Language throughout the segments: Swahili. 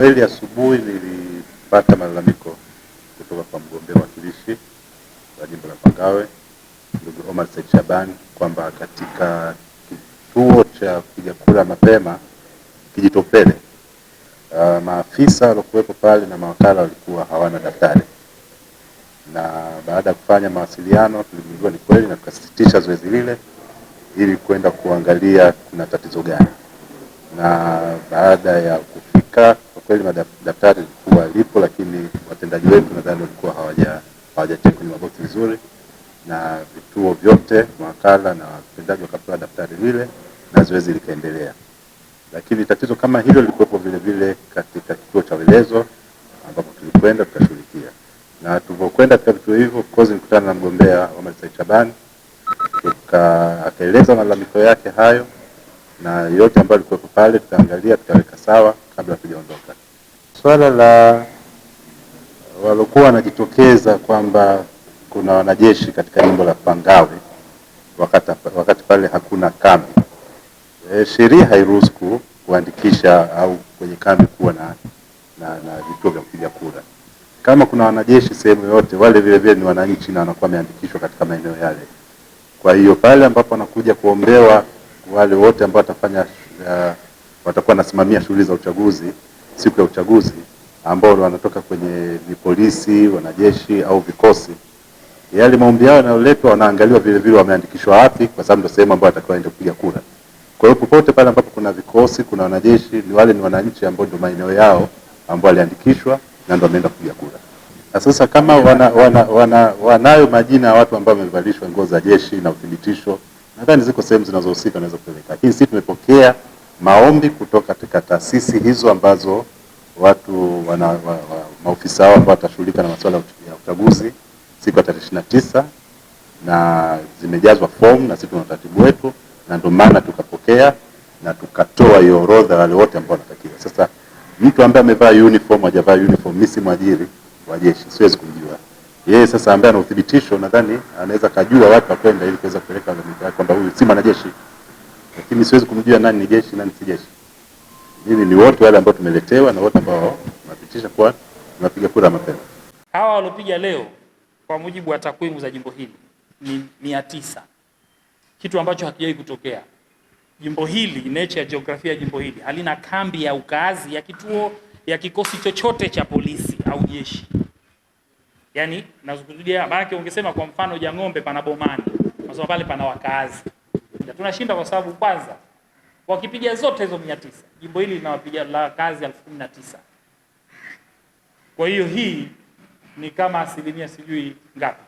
Kweli asubuhi nilipata malalamiko kutoka kwa mgombea wakilishi wa jimbo la Pangawe ndugu Omar Said kwamba katika kituo cha kupiga kura mapema Kijitopele, uh, maafisa waliokuwepo pale na mawakala walikuwa hawana daftari, na baada ya kufanya mawasiliano tuligundua ni kweli na tukasitisha zoezi lile ili kwenda kuangalia kuna tatizo gani, na baada ya kufika kweli madaftari lilikuwa lipo, lakini watendaji wetu nadhani walikuwa hawaja hawajacheki kwenye maboksi vizuri, na vituo vyote mawakala na watendaji wakapewa daftari lile na zoezi likaendelea. Lakini tatizo kama hilo lilikuwepo vile vile katika kituo cha Welezo ambapo tulikwenda tukashughulikia, na tulipokwenda katika vituo hivyo kozi nikutana na mgombea wa Said Shabani, akaeleza malalamiko yake hayo na yote ambayo alikuwepo pale tutaangalia, tutaweka sawa kabla tujaondoka. Swala la walokuwa wanajitokeza kwamba kuna wanajeshi katika jimbo la Pangawe wakati, wakati pale hakuna kambi e, sheria hairuhusu kuandikisha au kwenye kambi kuwa na na, na vituo vya kupiga kura. Kama kuna wanajeshi sehemu yote, wale vile vile ni wananchi na wanakuwa wameandikishwa katika maeneo yale. Kwa hiyo pale ambapo wanakuja kuombewa wale wote ambao watafanya uh, watakuwa wanasimamia shughuli za uchaguzi siku ya uchaguzi ambao wanatoka kwenye polisi, wanajeshi au vikosi, yale maombi yao yanayoletwa, wanaangaliwa vile vile wameandikishwa wapi, kwa sababu ndio sehemu ambayo watakiwa aende kupiga kura. Kwa hiyo popote pale ambapo kuna vikosi, kuna wanajeshi, ni wale ni wananchi ambao ndio maeneo yao ambao waliandikishwa na ndio wameenda kupiga kura. Na sasa kama wana, wana, wana, wanayo majina ya watu ambao wamevalishwa nguo za jeshi na uthibitisho nadhani ziko sehemu zinazohusika naweza kupeleka, lakini sisi tumepokea maombi kutoka katika taasisi hizo ambazo watu wana, wa, wa, maofisa hao ambao watashughulika na masuala ya uchaguzi siku ya tarehe ishirini na tisa na zimejazwa fomu na sisi tuna utaratibu wetu, na ndio maana tukapokea na tukatoa hiyo orodha wale wote ambao wanatakiwa. Sasa mtu ambaye amevaa uniform hajavaa uniform, mimi si mwajiri wa jeshi, siwezi yeye sasa ambaye ana uthibitisho nadhani anaweza kajua wapi akwenda ili kuweza kupeleka lalamiko kwamba huyu si mwanajeshi, lakini siwezi kumjua nani ni jeshi nani si jeshi. Mimi ni wote wale ambao tumeletewa na wote ambao tunapitisha kwa tunapiga kura mapema. Hawa walopiga leo kwa mujibu wa takwimu za jimbo hili ni mia tisa, kitu ambacho hakijawahi kutokea. Jimbo hili, nature ya jiografia ya jimbo hili halina kambi ya ukaazi ya kituo ya kikosi chochote cha polisi au jeshi yani nazungumzia maana ungesema kwa mfano Jang'ombe pana Bomani, nasema pale pana wakazi, tunashinda kwa sababu kwanza wakipiga zote hizo mia tisa jimbo hili linawapiga la kazi elfu kumi na tisa kwa hiyo hii ni kama asilimia sijui ngapi.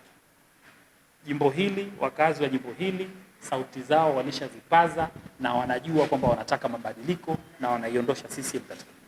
Jimbo hili wakazi wa jimbo hili sauti zao walishazipaza na wanajua kwamba wanataka mabadiliko na wanaiondosha CCM katika